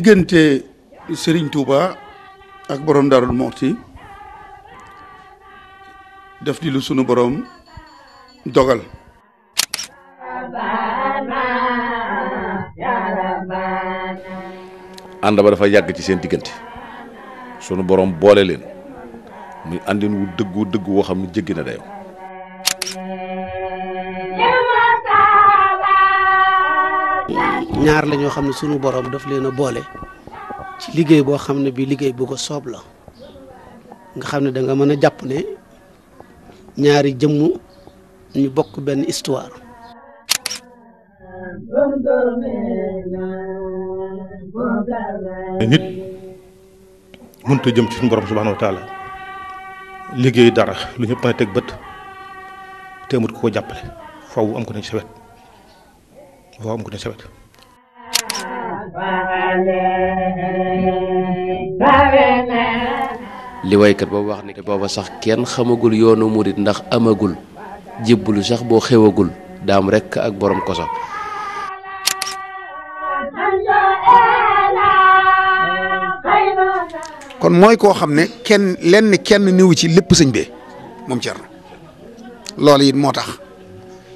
diggante sëriñ Touba ak borom Darou Mouhty def di lu sunu boroom dogal. ànd ba dafa yàgg ci seen diggante sunu boroom boole leen muy àndin wu dëggu dëgg woo xam ne jéggi na dayoo. ñaar la ñoo xam ne sunu borom daf leen a boole ci liggéey boo xam ne bi liggéey bu ko soob la nga xam ne danga mën a jàpp ne ñaari jëmm ñu bokk benn histoire. nit mënut a jëm liggéey dara lu ñëpp mën teg bët te amut ko ko jàppale faw am ko ne ci faw am ko ne ci li waykat boobu wax ni booba sax kenn xamagul yoonu murit ndax amagul jébbalu sax boo xewagul daam rekk ak borom koso kon mooy koo xam ne kenn lenn kenn niwu ci lépp sëñ bee moom Cerno loolu it moo tax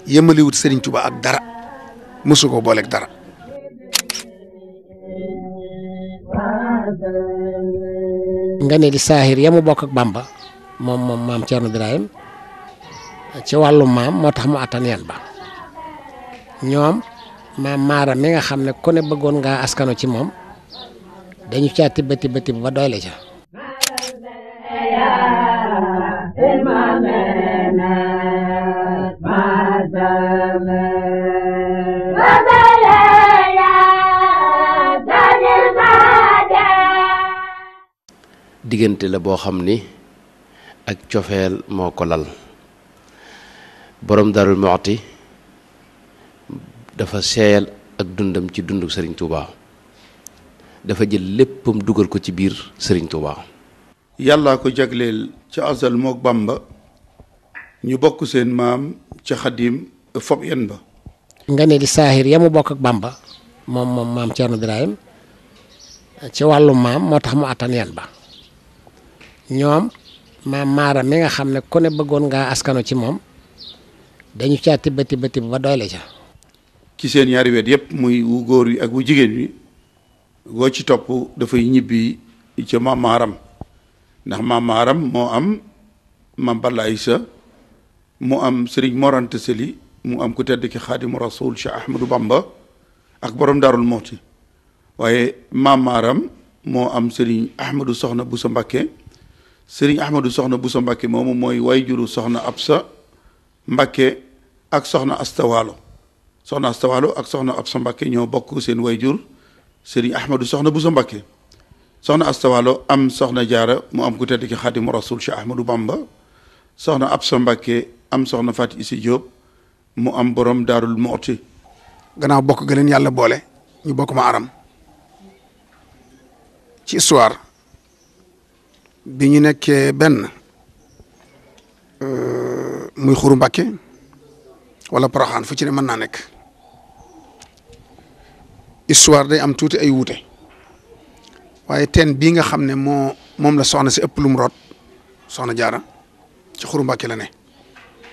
yëmaliwut Sëriñ tubaa ak dara mësu ko booleeg dara nga ne li saahir ya bokk Bamba moom moom maam Thierno Birahim ci wàllu maam moo tax mu attan yan ba ñoom maam Maara mi nga xam ne ku ne bëggoon nga askanu ci moom dañu caa tibb tibb tibb ba doy la ca. diggante la boo xam ni ak cofeel moo ko lal boroom Darou Mouhty dafa seeyal ak dundam ci dundu Serigne Touba dafa jël léppam dugal ko ci biir Serigne Touba. yàllaa ko jagleel ci asal mook Bamba ñu bokk seen maam ci xadim fob yen ba. nga ne li saahir ya bokk ak Bamba moom moom maam Thierno Birahim ci wàllu maam moo tax mu attan yen ba. ñoom maam maara mi nga xam ne ku ne bëggoon ngaa askanu ci moom dañu caa tibb tibb tibb ba doyle ca ci seen yaari wet yëpp muy wu góor wi ak wu jigéen wi goo ci topp dafay ñibbi ca maam maaram ndax maam maaram moo am maam Balla Isa am sëriñ Morante Seli mu am ku tedd ki xaadimu rasul Cheikh ak borom Daarul Muxti waaye maam moo am sëriñ Soxna bu sa Mbàkke sëriñ ahmadu soxna Bousso Mbàkke moomu mooy way wayjuru soxna Absa Mbàkke ak soxna astawaalo soxna astawaalo ak soxna Absa Mbàkke ñoo bokk seen way jur sëriñ ahmadu soxna Bousso Mbàkke soxna astawaalo am soxna jaara mu am ku tedd ki xaadimu rasul Cheikh bamba soxna Absa Mbàkke am soxna Faati Isi Jóob mu am borom daarul mooti gannaaw bokk ga leen yàlla boole ñu bokk ma aram ci histoire bi ñu nekkee benn euh, muy xuru Mbàkke wala Poroxaan fu ci ne mën naa nekk histoire day am tuuti ay wuute waaye teen bii nga xam ne moo moom la soxna si ëpp lu mu soxna jaara ci xuru Mbàkke la ne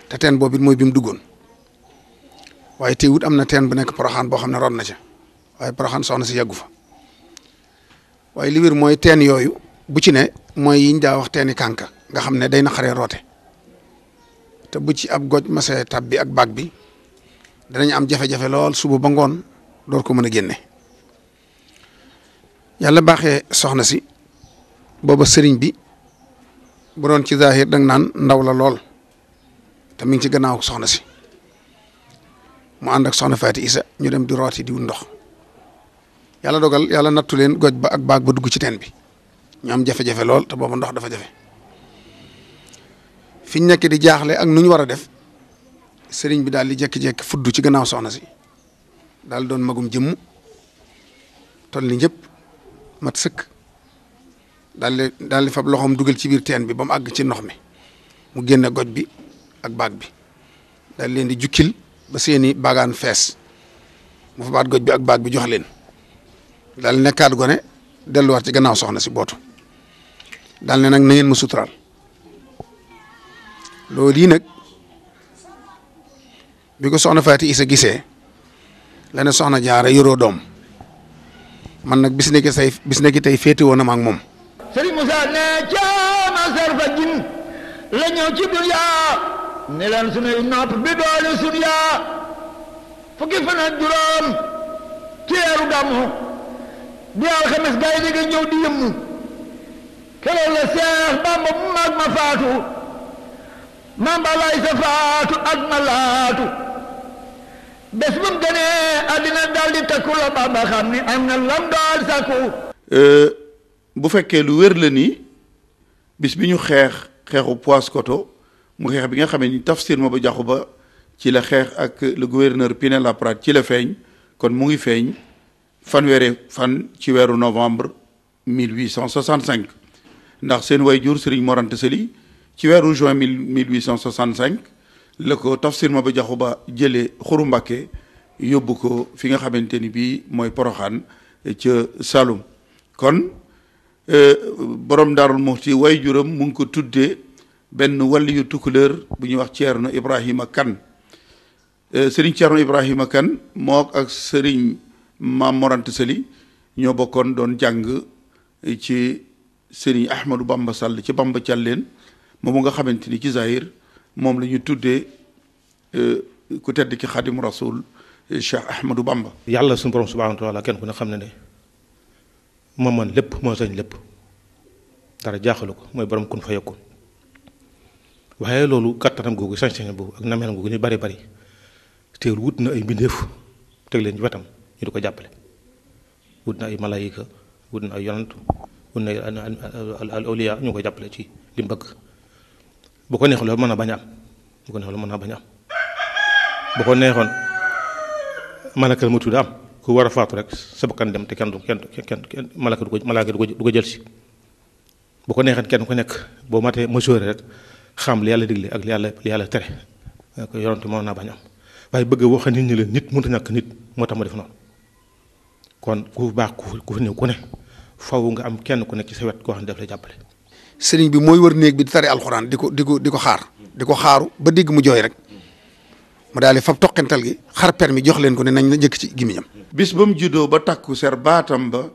te teen boobu mooy bi mu duggoon waaye teewut am na teen bu nekk Poroxaan boo xam ne root na ca waaye Poroxaan soxna si yàggu fa waaye li mooy teen yooyu bu ci ne mooy yiñ daa wax teeni kànka nga xam ne day naqaree roote te bu ci ab goj masee tab bi ak baag bi danañ am jafe-jafe lool suba ba ngoon door ko mën a génne yàlla baaxe soxna si booba sëriñ bi bu doon ci zaahir dang naan ndaw la lool te mi ngi ci gannaaw soxna si mu ànd ak soxna Faati Isa ñu dem di rooti diw ndox yàlla dogal yàlla nattu leen goj ba ak baag ba dugg ci teen bi ñu am jafe-jafe lool te booba ndox dafa jafe fiñ nekk di jaaxle ak nu ñu war a def sëriñ bi daal di jékki-jékki fudd ci gannaaw soxna si daal doon magum jëmm toll ni ñëpp mat sëkk dal di daal di fab loxoom dugal ci biir teen bi ba mu àgg ci ndox mi mu génne goj bi ak baag bi daal leen di jukkil ba seeni baagaan fees mu fabaat goj bi ak baag bi jox leen daal nekkaat gone delluwaat ci gannaaw soxna si bootu daal ne nag na ngeen ma suturaal loolu yi nag bi ko soxna Faati Isa gisee la ne soxna jaara yoroo doom man nag bis nekk say bis nekk tey féete woon na ma ak moom. Serigne caama sarfa jin la ñëw ci dunya ne leen sunuy bi doole sunu fukki fan ak ci weeru gàmmu di alxames gars yi ñëw di keroog la seex bamba mu mag ma faatu mamba sa faatu ak ma laatu bés bu mu gënee àddina dal di takku la bamba xam ni am na lam daal sakku euh, bu fekkee lu wér la nii bis bi ñu xeex xeexu coto mu xeex bi nga xamee ni tafsir ma ba jaxu ba ci la xeex ak le gouverneur Pinet-Laprade ci la feeñ kon mu ngi feeñ fanweeri fan ci weeru novembre 1865 ndax seen wayjur Serigne Mor Anta Sali ci weeru juin mille mille huit cent soixante cinq la ko tafsir Maba Jaxu Ba jëlee xuru Mbàkke yóbbu ko fi nga xamante ni bii mooy Poroxaan eh, ci Saloum kon eh, borom Daarul Muxti wayjuram mu ngi ko tuddee benn wàlli yu bu ñuy wax Ceerno Ibrahima Kan eh, Serigne Ceerno Ibrahima Kan moo ak Serigne Maam Mor Anta Sali ñoo bokkoon doon jàng ci sëriñ Ahmadou Bamba Sall ci leen moom moomu nga xamante ni ci Zahir moom la ñu tuddee euh, ku tedd ki xadim rasul euh, Cheikh Ahmadou Bamba. yàlla su borom subhaanahu wa kenn ku ne xam ne ne moo man lépp moo sañ lépp dara jaaxalu ko mooy borom kun fa yokkun waaye loolu kattanam googu sañ-sañ boobu ak nameelam googu ñu bari bari teewul wut na ay mbindeef teg leen ci wetam ñu di ko jàppale wut na ay malaayika wut na ay yonant mun na al awliya ñu ko jàppale ci li mu bëgg bu ko neexoon loolu mën a bañ am bu ko neexoon loolu mën a bañ am bu ko neexoon malakal mu tudd am ku war a faatu rek sa bakkan dem te kenn du kenn kenn kenn malaka du ko malaka du ko du ko jël si bu ko neexoon kenn ku nekk boo matee mesure rek xam li yàlla digle ak li yàlla li yàlla tere ko yoronte mën naa bañ am waaye bëgg wax nit ñi leen nit mënut a ñàkk nit moo tax ma def noonu kon ku baax ku ku fi ñëw ku ne faw nga am kenn ku nekk sa wet koo xam ne daf lay jàppale. sëriñ bi mooy wër néeg bi di tari alxuraan di ko di di ko xaar di ko xaaru ba dégg mu jooy rek mu daal di fab toqental gi xar permi jox leen ko ne nañ la njëkk ci gémmiñam bis ba mu juddoo ba takku ser baatam ba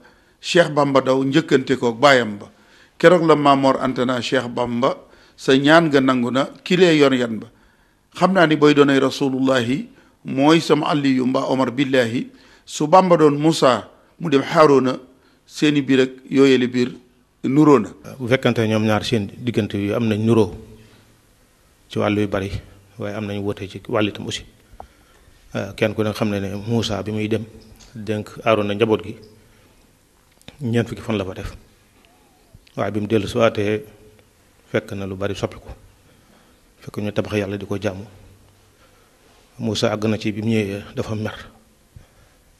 Cheikh Bamba daw njëkkante koog baayam ba keroog la Mamor Antena Cheikh Bamba sa ñaan nga nangu na ki lee yor yan ba xam naa ni booy doonay rasulullahi mooy sama Aliyu mbaa Omar billahi su Bamba doon Moussa mu dem Haaruna seeni biir ak yooyeli biir nuroo na. bu fekkante ñoom ñaar seen diggante yu am nañ nuroo ci wàll yu bari waaye am nañu woote ci wàll itam aussi euh, kenn ku ne xam ne ne Moussa bi muy dem dénk na njaboot gi ñeent fukki fan la fa def waaye bi mu dellu si waatee fekk na lu bari soppi ko fekk ñu tabax yàlla di ko jàmm Moussa àgg na ci bi mu ñëwee dafa mer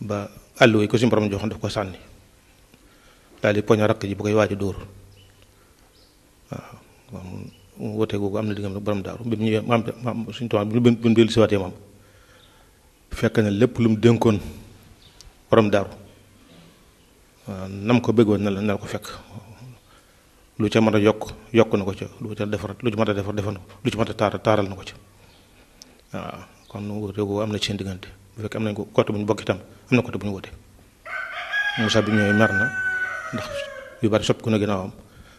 ba àll yi ko suñu borom joxoon daf ko sànni. daal di poño rakk ji bu koy waaj a dóor waaw wootee googu am na diggam borom daaru bi mu ñëwee maam maam bu si waatee maam fekk na lépp lu mu dénkoon borom daaru waaw ko bëggoon na la na ko fekk lu ca a yokk yokk na ko ca lu ca defar lu mën a defar defar na lu ci mën a taar taaral na ko ca kon wootee googu am na seen diggante bu fekkee am nañ ko bu ñu bokk itam am na côté bu ñu wootee Moussa bi ñëwee mer na. ndax yu na ginnaawam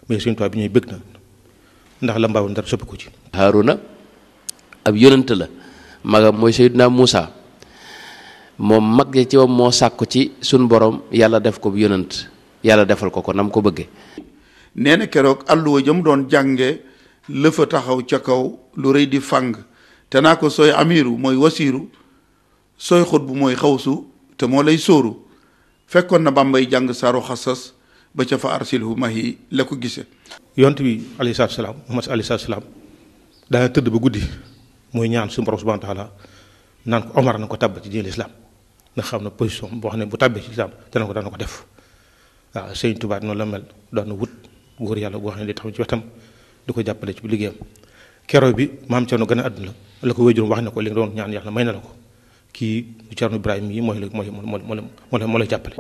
mais bi ñuy bëgg na ndax la mbaawoon dara soppiku ci. Haaruna ab yonent la magam mooy Seydina Muusa moom mag ya ci wam moo sàkku ci sun borom yàlla def ko yonent yàlla defal ko ko nam ko bëggee. nee na keroog àlluwa jëm doon jànge lëfa taxaw ca kaw lu rëy di fàng te naa ko sooy amiru mooy wasiiru sooy xut bu mooy xawsu te moo lay sóoru fekkoon na bàmbay jàng saru xasas ba ca fa arsilhu mahi la ko gisee. yonent bi alayhi salaatu salaam Muhammad alayhi salaatu salaam daana tëdd ba guddi muy ñaan suñu borom subhaanahu wa taala naan ko Omar na ko tàbb ci diine lislaam nga xam ne position boo xam ne bu tàbbee ci lislaam dana ko dana ko def waaw Sëñ Tuubaa noonu la mel doon wut góor yàlla boo xam ne di taxaw ci wetam di ko jàppale ci liggéeyam keroog bi maam Cerno gën a àdduna la ko wéjurum wax ne ko li nga doon ñaan yàlla may na la ko kii Cerno Ibrahima yi moo la mooy moo la moo la jàppale.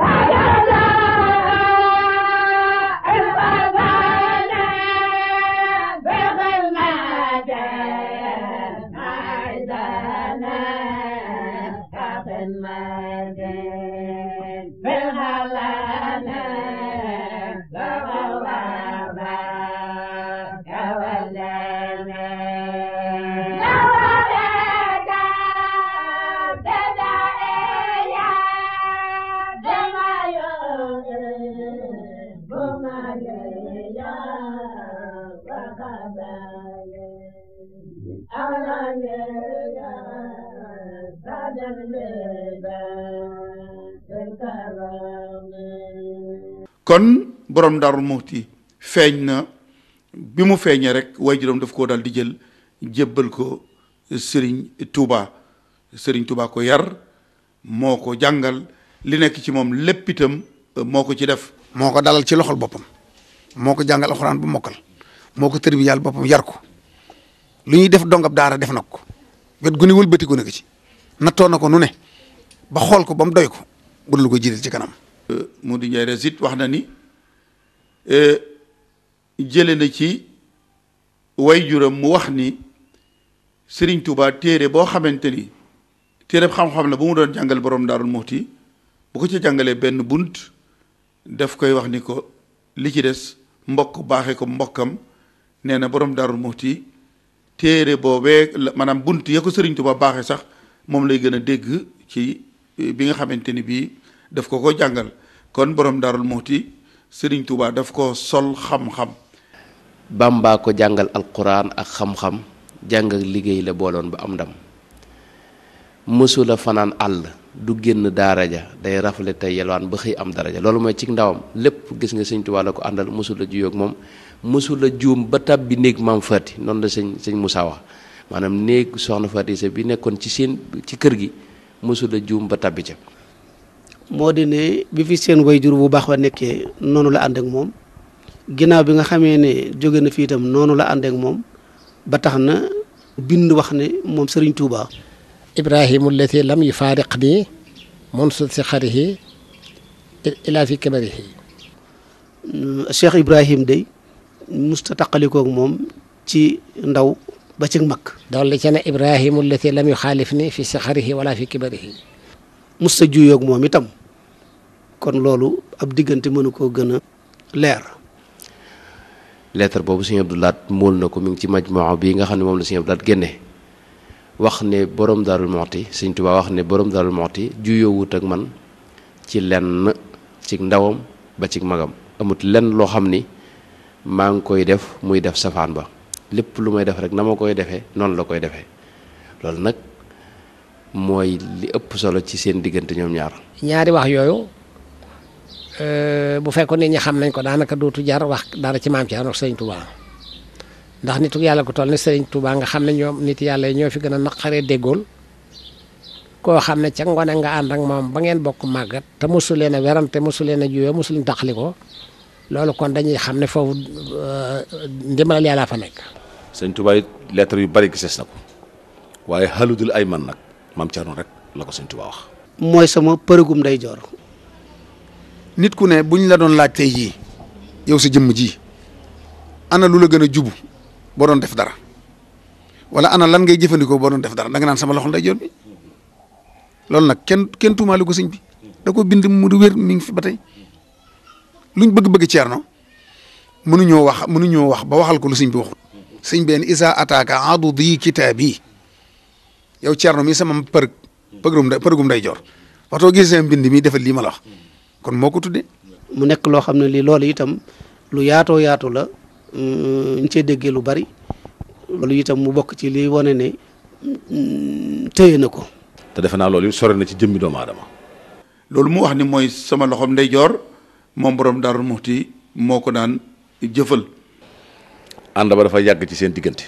kon borom daarul muxti feeñ na bi mu feeñee rek way juróom daf koo dal di jël jébbal ko Serigne Touba Serigne Touba ko yar moo ko jàngal li nekk ci moom lépp itam euh, moo ko ci def. moo ko dalal ci loxol boppam moo ko jàngal alxuraan bu mokkal moo ko tërbiyaal boppam yar ko lu ñuy def dongab daara def na ko wet gu ne wëlbatiku na ko ci nattoo na ko nu ne ba xool ko ba mu doy ko budul ko jiital ci kanam. mu di njëriñ it wax na ni e, jële na ci waajuram mu wax ni Sëriñ Tuubaa téere boo xamante ni téereb xam-xam la bu mu doon jàngal borom Daarul Muxti bu ko ci jàngalee benn bunt daf koy wax ni ko li ci des mbokk baaxe ko mbokkam nee na borom Daarul Muxti téere boobee maanaam bunt ya ko Sëriñ Tuubaa baaxe sax moom lay gën a dégg ci bi nga xamante ni bii daf ko ko jàngal kon borom daarul muxti sëriñ Touba daf ko sol xam-xam bàmbaa ko jàngal alquran ak xam-xam jàng booloon ba am ndam mësula fanaan àll du génn daara day rafle tey yelwaan ba xëy am daraja loolu mooy cig ndawam lépp gis nga sëñ Tuubaa ko àndal mësula juyoog moom mësula juum ba tàbbi néeg maam Faati noonu la sëñ sëñ Moussa wax maanaam néeg soxna Faati bi nekkoon ci seen ci kër gi mësula juum ba tàbbi ca moo di ne bi fi seen jur bu baax wa nekkee noonu la ànd moom ginaaw bi nga xamee ne jóge na fii tam noonu la ànd moom ba tax na bind wax ne moom sëriñ Touba. Ibrahima allati lam yufaariq nii munsu si xarihi ilaa fi kabarihi Cheikh Ibrahim day musta taqalikoog moom ci ndaw ba ci mag. doon li ca ne Ibrahima allati lam yuxaalif nii fi si xarihi wala fi kibarihi musta juyoog moom itam kon loolu ab diggante mënu koo gën a leer. lettre boobu sëñ Abdou Lahad mool na ko mu ngi ci majmuwa bii nga xam ne moom la sëñ Abdou Lahad génne wax ne borom Darou Mouhty sëñ Tuubaa wax ne boroom daalu Darou Mouhty juyoowut ak man ci lenn ci ndawam ba cig magam amut lenn loo xam ni maa ngi koy def muy def safaan ba lépp lu may def rek na ma koy defee noonu la koy defee loolu nag mooy li ëpp solo ci seen diggante ñoom ñaar. ñaari wax yooyu. Euh, bu fekkoon nit ñi xam nañ ko daanaka dootu jar wax dara ci maam Thierno Serigne Touba ndax nitu yàlla ko toll ni Serigne Touba nga xam ne ñoom nit yàlla ñoo fi gën a naqaree déggool koo xam ne ca ngone nga ànd ak moom ba ngeen bokk màggat te mosu leen a werante mosu leen a juyoo mosu leen taxali ko loolu kon dañuy xam ne foofu euh, ndimbalal yàlla fa nekk. Serigne Touba it lettre yu bari gisees na ko waaye xaludul ay man nag maam Thierno rek la ko Serigne Touba wax. mooy sama përëgum day joor. nit ku ne bu ñu la doon laaj tey jii yow sa jëmm ji ana lu la gën a jubu boo doon def dara walla ana lan ngay jëfandikoo boo doon def dara da naan sama loxo ndeyjoor bi nag kenn kenn tuumaale ko sëñ bi da ko bind mu di mi ngi fi ba tey luñ bëgg-bëgg ceerno mënuñoo wax mënuñoo wax ba waxal ko lu sëñ sëñ benn isa ataaka adu di kitaabi yow ceerno mi sama përg përgum ndeyjoor waxtoo gisee mbind mii defal lii ma la kon moo ko tuddee. mu nekk loo xam ne lii lool itam lu yaatoo yaatu la mm, ñu cee lu bari loolu itam mu bokk ci liy wone ne mm, téye na ko. te defe naa lool yi sore na ci jëmmi doomu aadama. loolu mu wax ni mooy sama loxoom ndeyjoor moom borom Daaru Muxti moo ko daan jëfal. ànd ba dafa yàgg ci seen diggante.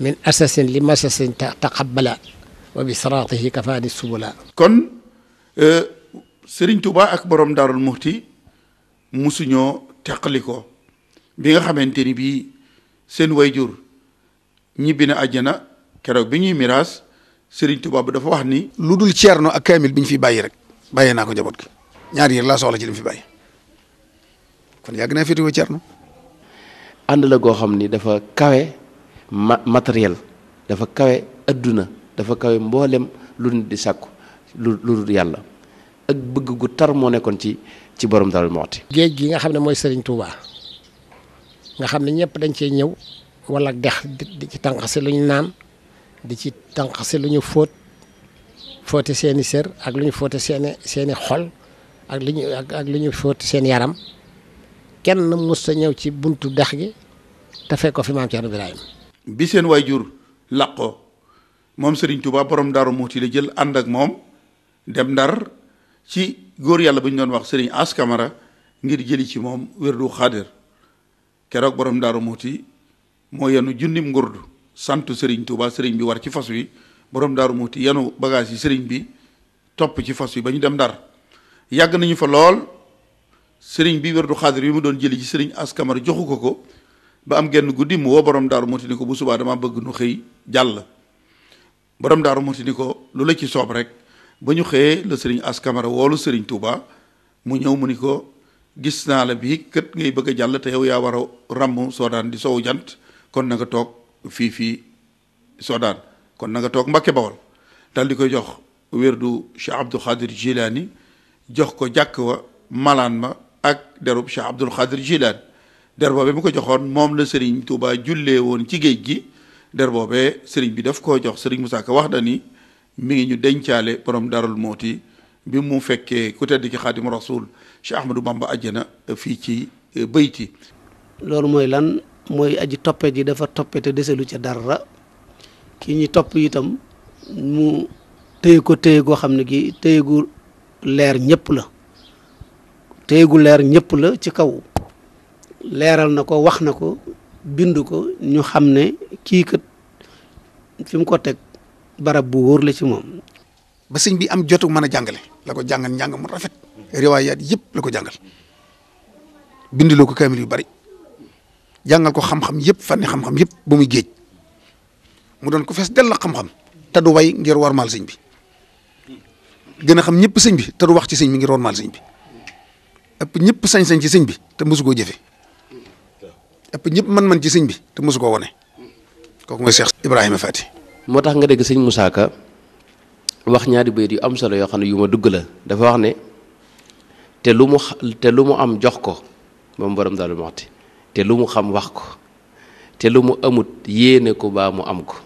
min asasin li masasin taqabbala wa bi siraatihi kafaani subula kon. Euh, sëriñ Touba ak borom Daarul Muxti musuñoo teqalikoo bi nga xamante ni bii seen way jur ñibbi na àjjana keroog bi ñuy miraas sëriñ Touba bu dafa wax ni. lu dul ceerno ak kaamil bi ñu fi bàyyi rek bàyyee naa ko njaboot gi ñaar yër laa soxla ci li mu fi bàyyi kon yàgg naa féetewoo ceerno. ànd la goo xam ni dafa kawe ma dafa kawe adduna dafa kawe mboolem lu nit di sàkku lu dul yàlla. bëgg gu tar moo nekkoon ci ci borom Darou Mouhty. géej gi nga xam ne mooy Serigne Touba nga xam ne ñëpp dañ cee ñëw wala dex di ci tànqase lu ñu naan di ci tànqase lu ñu fóot fóote seen i sër ak lu ñu fóote seen seen i xol ak lu ñu ak lu ñu fóote seen yaram kenn mës a ñëw ci buntu dex gi te fekk ko fi maam Thierno Ibrahima. bi seen waajur làqoo moom Serigne Touba borom Darou Mouhty la jël ànd ak moom dem Ndar. ci góor yàlla bu ñu doon wax sëriñ askamara ngir jëli ci moom wérdu xaadir keroog borom daaru muuti moo yenu junnim ngurdu sant sëriñ Touba sëriñ bi war ci fas wi borom daaru muuti yenu bagage yi sëriñ bi topp ci fas wi ba ñu dem Ndar yàgg nañu fa lool sëriñ bi wérdu xaadir yi mu doon jëli ci sëriñ As Camara joxu ko ko ba am genn guddi mu woo borom daaru muuti ni ko bu subaa dama bëgg nu xëy jàll borom daaru muuti ni ko lu la ci soob rek ba ñu xëyee la sëriñ As Camara woolu sëriñ Touba mu ñëw mu ni ko gis naa la bi kët ngay bëgg a jàll te yow yaa war a ràmm Soodaan di sowu jant kon na nga toog fii fii Soodaan kon na nga toog Mbàkke Bawol dal di ko jox wérdu Cheikh Abdul Xaadir Jilaani jox ko jàkk wa malaan ma ak derub Cheikh Abdul Xaadir Jilaani der boobee mu ko joxoon moom la sëriñ Touba jullee woon ci géej gi der boobee sëriñ bi def ko jox sëriñ Moussa Ka wax na ni mi ngi ñu dencaale borom darul mooti bi mu fekkee ku tedd ki xaadim rasul Cheikh Ahmadou Bamba àjjana fii ci eh, bayti loolu mooy lan mooy aji toppe ji dafa toppe te deselu ca dara ki ñi topp itam mu téye ko téye goo xam ne gi téye gu leer ñëpp la téye gu leer ñëpp la ci kaw leeral na ko wax na ko bind ko ñu xam ne kii kat fi ko teg barab bu wóor la ci moom. ba sëñ bi am jotu mën a jàngale la ko jàngal njàng mu rafet riwaayaat yëpp la ko jàngal bindiloo ko kaamil yu bari jàngal ko xam-xam yëpp fànni xam-xam yëpp ba muy géej mu doon ko fees dell la xam-xam te du way ngir warmaal sëñ bi gën a xam ñëpp sëñ bi te du wax ci sëñ bi ngir warmaal sëñ bi ëpp ñëpp sañ-sañ ci sëñ bi te mosu koo jëfe ëpp ñëpp mën man ci sëñ bi te mosu koo wone kooku mooy Cheikh Ibrahima Fati moo tax nga dégg sëñ Moussa Ka wax ñaari bayit yu am solo yoo xam ne yu ma dugg la dafa wax ne te lu mu lu mu am jox ko moom borom daal mu waxti te lu mu xam wax ko te lu mu amut yéene ko baa mu am ko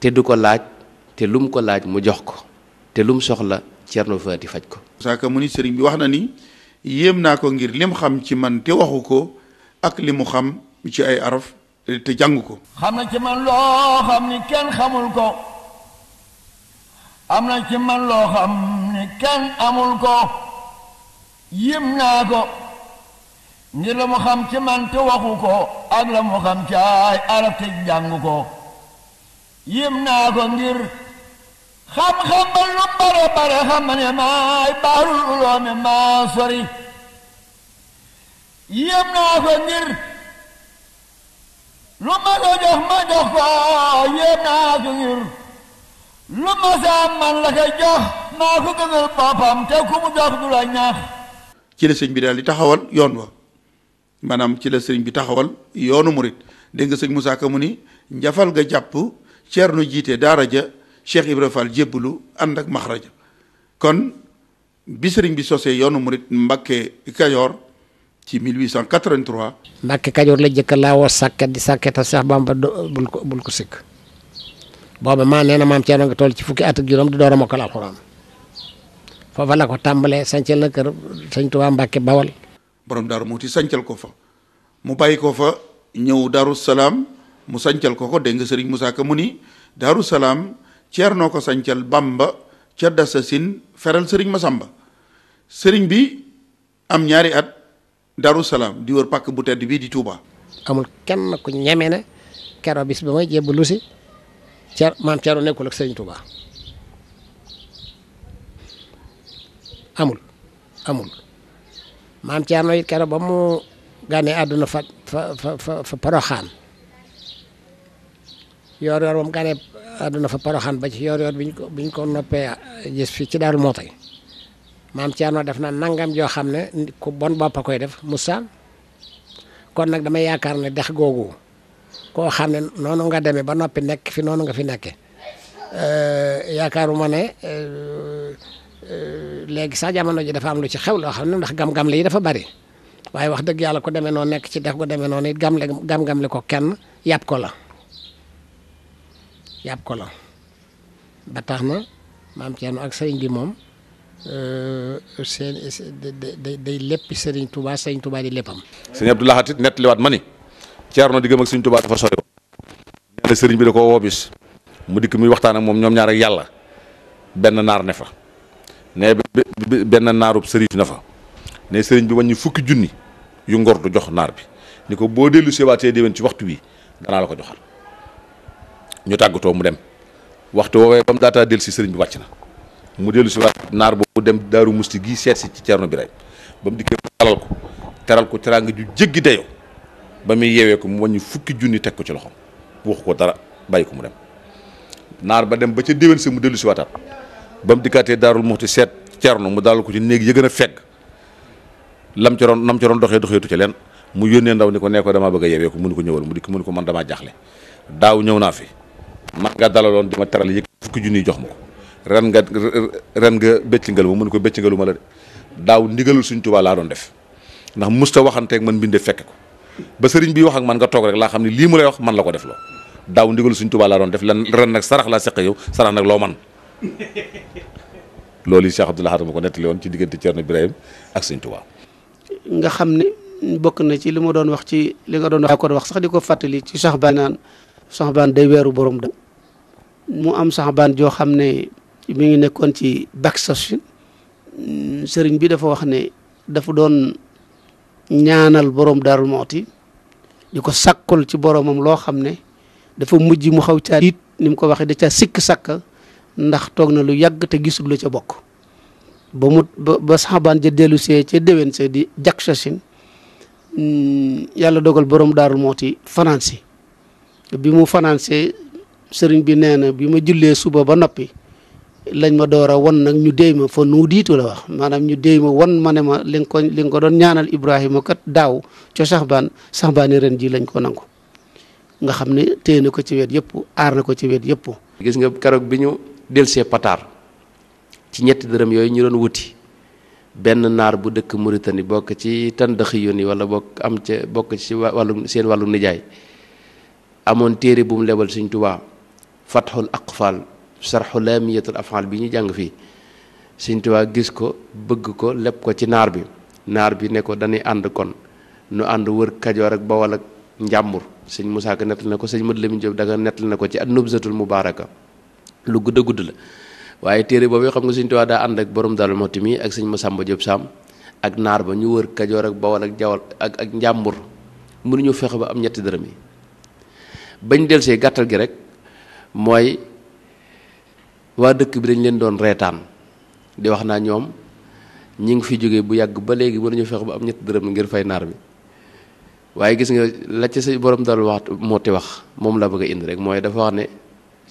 te du ko laaj te lu mu ko laaj mu jox ko te lu mu soxla Cerno Faati faj ko. saaka mu ni sëriñ bi wax na ni yéem naa ko ngir lim xam ci man te waxu ko ak li mu xam ci ay araf te jàng ko. xam na ci man loo ni kenn xamul ko am na ci man loo xam ni kenn amul ko yim naako ko ngir la mu xam ci man te ko ak la mu xam caay arab te jàng yim naa ngir xam-xam ba lu bare bare xam ne maay baarul uloomi maa sori yim naa ngir. lu ma la jox ma jox ko yéen naa ko lu ma saa man la koy jox maa ko gënal boppam te ku mu jox du la ñaax ci la sëñ bi daal di taxawal yoon wa maanaam ci la sëñ bi taxawal yoonu murit dégg nga sëñ Moussa Ka mu ni njafal nga jàpp ceernu jiite daara ja Cheikh Ibra Fall jébbalu ànd ak maxraja kon bi sëriñ bi sosee yoonu murit Mbakke Kajoor ci 1883. Mbàkke Kajoor la jëkka laawoo sàkket di sàkketa Seex Bamba bul ko bul ko sikk booba maa nee na maam Thierno nga tool ci fukki at ak juróom di door a mokkal alxuraan foofa la ko tàmbalee sancal na kër sëñ Tuubaa Bawal. borom Daaru Muxti sancal ko fa mu bàyyi ko fa ñëw Daaru Salaam mu sancal ko ko dégg nga Serigne Moussa Ka mu ni Daaru Salaam noo ko sancal Bamba ca Dasasin feral Serigne Masamba sëriñ bi am ñaari at. Darou Salaam di wër pàkk bu tedd bii di Touba. amul kenn ku ñeme ne keroog bis ba may jébbalu si cer maam Thierno nekkul ak Serigne Touba amul amul maam Thierno it ba mu gane àdduna fa fa fa fa Poroxaan yor fa Poroxaan ba ci yor bi ñu ko bi ñu noppee gis fii ci Darou Moutay. maam Thierno def na nangam joo xam ne ku bon bopp a koy def mussa kon nag dama yaakaar ne dex googu koo xam ne noonu nga demee ba noppi nekk fi noonu nga fi nekke euh, yaakaaruma ne euh, léegi sax jamono ji dafa am lu ci xew loo xam ne ndax gam-gam li dafa bari waaye wax dëgg yàlla ko demee noonu nekk ci dex gu demee noonu it gam gam-gam li ko kenn yàpp ko la yàpp ko la ba tax na maam Thierno ak sëriñ bi moom. Euh, seen day day lépp Serigne Touba Serigne Touba di léppam. sëñ Abdou Lahad it nettaliwaat ma ni Ceerno di gëm ak Serigne Touba dafa sori woon. Serigne bi da koo woo bis mu dikk muy waxtaan ak moom ñoom ñaar yàlla benn naar ne fa ne benn naarub Serigne na fa ne sëriñ bi wàññi fukki junni yu ngor jox naar bi ni ko boo dellu seewaatee déwén ci waxtu wi danaa la ko joxal ñu tàggatoo mu dem waxtu woowee ba mu daataa dellu si Serigne bi wàcc na. mu dellu si waat naar boobu dem daaru musti gii seet si ci Cerno Birahim ba mu dikkee teral ko teral ko teraanga ju jéggi dayo ba muy yeewee ko mu wàññi fukki junni teg ko ci loxo waxu ko dara bàyyi ko mu dem naar ba dem ba ca déwén sa mu dellu si waataat ba mu dikkaatee daarul muxti seet Cerno mu dalal ko ci néeg ya gën a fegg lam ca roon nam ca roon doxee doxeetu ca leen mu yónnee ndaw ni ko nee ko damaa bëgg a yeewee ko mu ni ko ñëwal mu dikk mu ko man damaa jaaxle daaw ñëw naa fi man nga dalaloon di ma teral yëg fukki junni jox ma ko ren nga ren nga bëccingal ma mun ko bëccingalu ma la de daaw ndigalul suñ tubaa laa doon def ndax musta waxanteeg man mbinde fekk ko ba sëriñ bi wax ak man nga toog rek laa xam ne lii mu lay wax man la ko def loo daaw ndigalu suñ tubaa laa doon def lan ren nag sarax laa seq yow sarax nag loo man loolu yi Cheikh Abdoul Ahad ma ko nettali ci diggante Thierno Ibrahim ak suñ tubaa nga xam ne bokk na ci li ma doon wax ci li nga doon wax ko wax sax di ko fàttali ci saxbaan naan saxbaan day weeru borom da mu am saxbaan joo xam ne mi ngi nekkoon ci Baxos sëriñ bi dafa wax ne dafa doon ñaanal borom Darou Mouhty di ko sàkkul ci boromam loo xam ne dafa mujj mu xaw caa it ni mu ko waxee da caa sikk sàkk ndax toog na lu yàgg te gisul la ca bokk ba mu ba saxabaan ja dellu see ca déwén see di Jaxasin mm, yàlla dogal borom Darou Mouhty fanaan si bi mu fanaan see sëriñ bi nee na bi ma jullee suba ba noppi. lañ ma door a won nag ñu déy ma fa nuu diitu la wax maanaam ñu déy ma won ma ne ma li nga ko li nga ko doon ñaanal Ibrahima kat daaw co saxbaan saxbaani ren jii lañ ko nangu nga xam ne téye na ko ci wet yépp aar na ko ci wet yëpp gis nga keroog bi ñu delsee pataar ci ñetti dërëm yooyu ñu doon wuti benn naar bu dëkk Mauritanie bokk ci tandaxi yoon yi wala bokk am ca bokk ci wàllum seen wàllum nijaay amoon téere bu mu lebal Sëñ Tuubaa Fatxul Aqfal sarxu laamiyatul afaal bi ñu jàng fii Sëñ Tuubaa gis ko bëgg ko lépp ko ci naar bi naar bi ne ko dañuy ànd kon nu ànd wër kajoor ak bawal ak njàmbur sëñ Musaa Ka nettal na ko sëñ Madu Lamin Jóob Daga nettal na ko ci an-Nubzatul Mubaaraka lu gudd gudd la waaye téere boobu xam nga Sëñ Tuubaa daa ànd ak borom Daaru Muxti mi ak sëñ Masàmba Jóob Saam ak naar ba ñu wër kajoor ak bawal jawal ak ak njàmbur mënuñu fexe ba am ñetti dërëm yi bañ delsee gàttal gi rek mooy waa dëkk bi dañ leen doon reetaan di wax naa ñoom ñi ngi fi jóge bu yàgg ba léegi mënuñu feex ba am ñetti dërëm ngir fay naar bi waaye gis nga la ca sa borom dal wax ti wax moom la bëgg a indi rek mooy dafa wax ne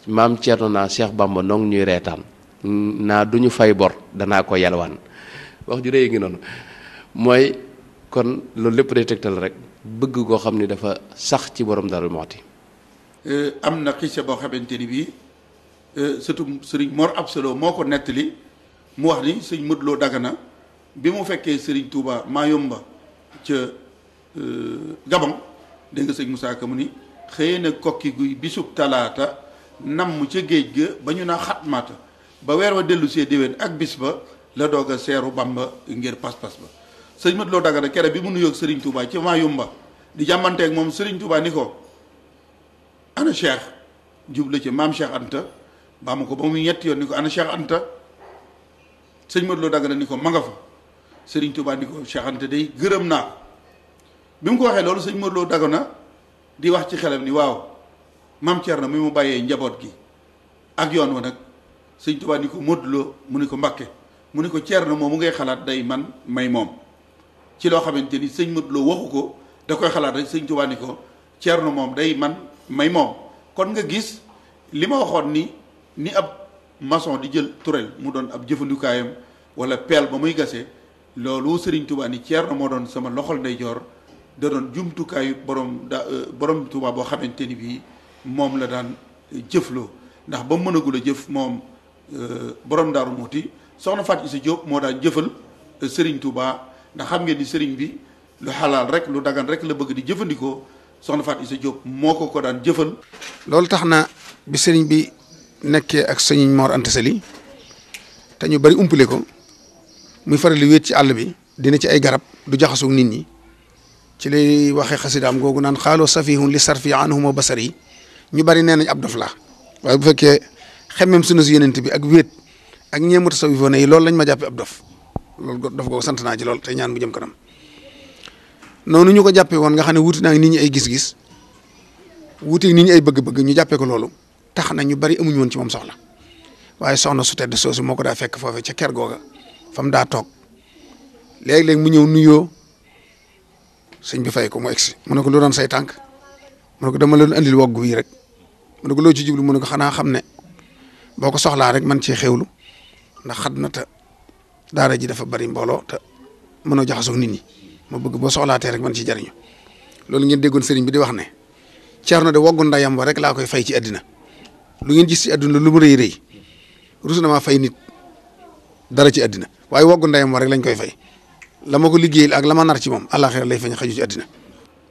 maam Thierno naa Cheikh Bamba noong ñuy reetaan naa duñu fay bor danaa ko yalwaan wax ju rëy ngi noonu mooy kon loolu lépp day tegtal rek bëgg koo xam ni dafa sax ci borom dal mooti. Euh, am na xisa boo xamante ni Euh, surtout sëriñ Mor Absalo moo ko nettali mu wax ni sëñ Modou Lo Dagana bi mu fekkee sëriñ Touba Mayumba ca euh, Gabon dégg nga sëñ Moussa Ka mu ni xëy na kokki guy bisub talaata nam ca géej ga ba ñu naa xat xatmaata ba weer wa dellu see déwén ak bis ba la doog a seeru Bamba ngir pas-pas ba sëñ Modou loo Dagana kere bi mu nuyoog sëriñ Touba ci Mayumba di jàmmanteeg moom sëriñ Touba ni ko ana Cheikh jublu ci maam Cheikh Anta ba ko ba muy ñetti yoon ni ko ana Cheikh Anta sëñ Modou Lo Dagana ni ko manga nga fa Serigne day gërëm naa ko ko waxee loolu sëñ Modou Lo na di wax ci xelam ni waaw maam Thierno mi mu bàyyee njaboot gi ak yoon wa nag sëñ Touba ni ko Modou mu ne ko Mbakke mu ni ko Thierno moom mu ngay xalaat day man may moom ci loo xamante ni sëñ Modou waxu ko da koy xalaat rek sëñ Touba ni ko Thierno moom day man may moom kon nga gis li ma waxoon ni ni ab mason di jël turel mu doon ab jëfandikaayam wala peel ba muy gasee loolu Serigne Touba ni na moo doon sama loxol ndeyjoor da doon jumtukaayu borom da euh, borom Touba boo xamante ni bii moom la daan euh, jëfloo ndax ba mu mënagul a jëf moom euh, borom Daaru Muuti soxna Fatou Issa Diop moo daan jëfal Serigne ndax xam ngeen ni Serigne bi lu xalaal rek lu dagan rek la bëgg di jëfandikoo soxna Fatou Issa Diop moo ko ko daan jëfal. loolu tax na bi Serigne bi. nekk ak sëñ Mor Anta Sali te ñu bari umpale ko muy faral di wéet ci àll bi dina ci ay garab du jaxasoo nit ñi ci lay waxee xasidaam googu naan xaaloo safihun li sarfi anhuma basari ñu bari nee nañ ab dof la waaye bu fekkee xemmem sunu si yenent bi ak wéet ak ñeemu tasawifoo ne yi loolu lañ ma jàppee ab dof loolu dof googu sant naa ci lool te ñaan bu jëm kanam noonu ñu ko jàppee woon nga xam ne wuti naa nit ñi ay gis-gis wuti nit ñi ay bëgg-bëgg ñu jàppee ko loolu. tax na ñu bari amuñu woon ci moom soxla waaye soxna su tedd soosu moo ko daa fekk foofu ca ker googa fa daa toog léeg-léeg mu ñëw nuyoo sëñ bi fay ko mu egsi mu ne ko lu doon say tànk mu ne ko dama leen andil wogg wii rek mu ne ko loo ci jublu mu ne ko xanaa xam ne boo ko soxlaa rek man cee xewlu ndax xat na te daara ji dafa bari mbooloo te a jaxasoo nit ñi ma bëgg boo tee rek man ci jariñu loolu ngeen déggoon sëriñ bi di wax ne Cerno de woggu ndayam rek laa koy fay ci àddina lu ngeen gis ci àdduna lu mu rëy rëy rus na maa fay nit dara ci àddina waaye woggu ndeyam war rek lañ koy fay la ma ko liggéeyal ak la ma nar ci moom àllaaxira lay feeñ xaju ci àddina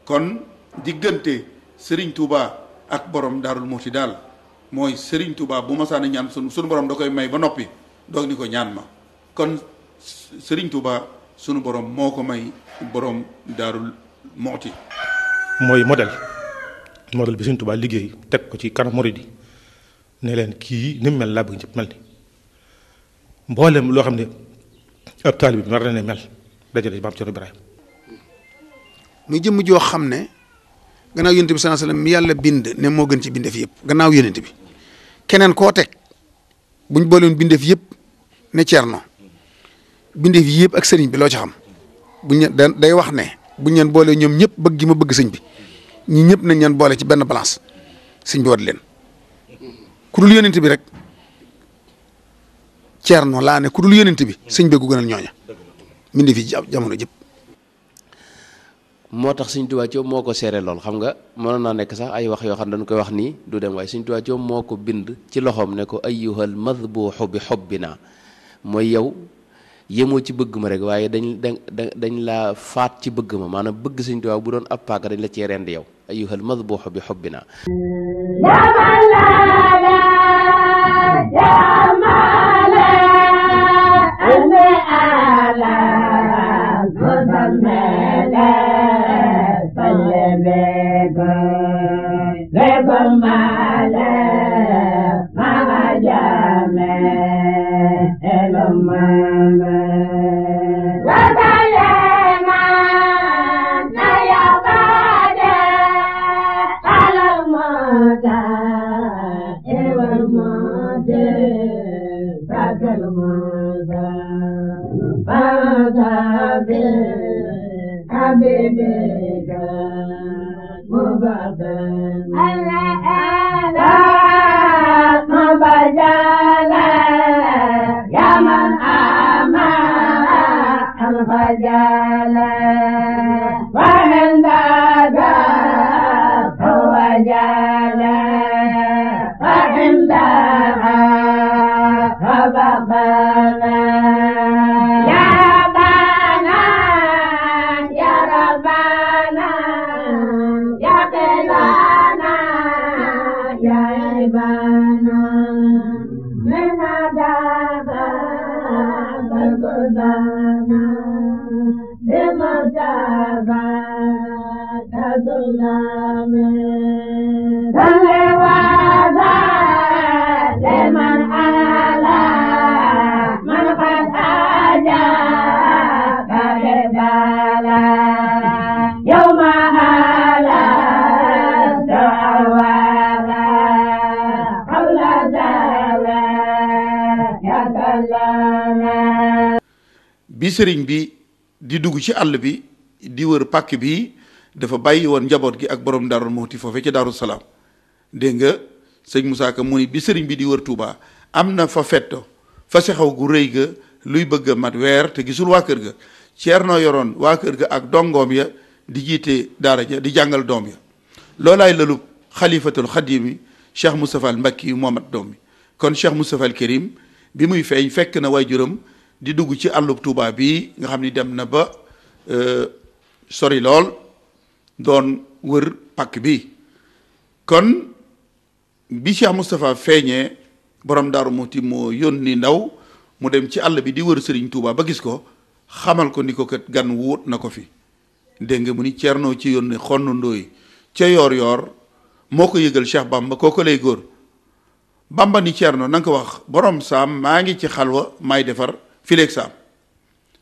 kon diggante Serigne Touba ak borom Daarul Muxti daal mooy Serigne Touba bu ma saana ñaan sunu sunu borom da koy may ba noppi doog ni ko ñaan ma kon Serigne Touba sunu borom moo ko may borom Daarul Muxti mooy modèle modèle bi Serigne Touba liggéey teg ko ci kanam murid ne leen kii ni mel laa bëgg ñëpp mel ni mboolem loo xam ne ab taalib bi war na ne mel dajale maam Cerno Ibrahima muy jëmm joo xam ne gannaaw yonent bi sallallahu alayhi yàlla bind ne moo gën ci bindeef yëpp ganaaw yonent bi keneen koo teg buñ booleen bindeef yëpp ne Cerno bindeef yëpp ak sëriñ bi loo ci xam buñ leen day wax ne buñ leen boolee ñoom ñëpp bëgg gi ma bëgg sëñ bi ñi ñëpp nañ ñeen boole ci benn balance sëñ bi war leen. ku dul yonent bi rek ceerno laa ne ku dul yonent bi sëñ bi gu gënal ñooña mindi fi jamono jëpp moo tax sëñ Tuubaa moo ko seere lool xam nga mënoon naa nekk sax ay wax yoo xam ne dañ koy wax nii du dem waaye sëñ Tuubaa moo ko bind ci loxoom ne ko ayyuhal madbuuxu bi xubbinaa mooy yow yemoo ci bëgg ma rek waaye dañ dañ dañ laa faat ci bëgg ma maanaam bëgg sëñ Tuubaa bu doon ab paaka dañ la cee rend yow ayyuhal madbuuxu bi xubbinaa Yeah! bi sëriñ bi di dugg ci àll bi di wër pàkk bi dafa bàyyi woon njaboot gi ak borom Daaru Muxti foofe ci Daaru Salaam dégg nga sëñ mu ni bi sëriñ bi di wër Touba am na fa fetto fa si gu rëy ga luy bëgg a mat weer te gisul waa kër ga Ceerno yoroon waa kër ga ak dongoom ya di jiite daara ja di jàngal doom ya loolaay lalub xalifatul xadimi Cheikh Moustapha al Mbakki yu moomat doom bi kon Cheikh Moustapha al Karim bi muy feeñ fekk na waajuram di dugg ci àllub Tuuba bii nga xam ni dem na ba euh, sori lool doon wër pakk bi kon bi Cheikh Moustapha feeñee borom Daaru Muhti moo yónni ndaw mu dem ci àll bi di wër sëriñ Touba ba gis ko xamal ko ni ko kat gan wut na ko fi dégg nga mu ni noo ci yónni xonn ndooy ca yoor yoor moo ko yëgal Cheikh Bamba kooko lay góor bamba ni Cerno na nga ko wax boroom saam maa ngi ci xalwa maay defar fileeg saam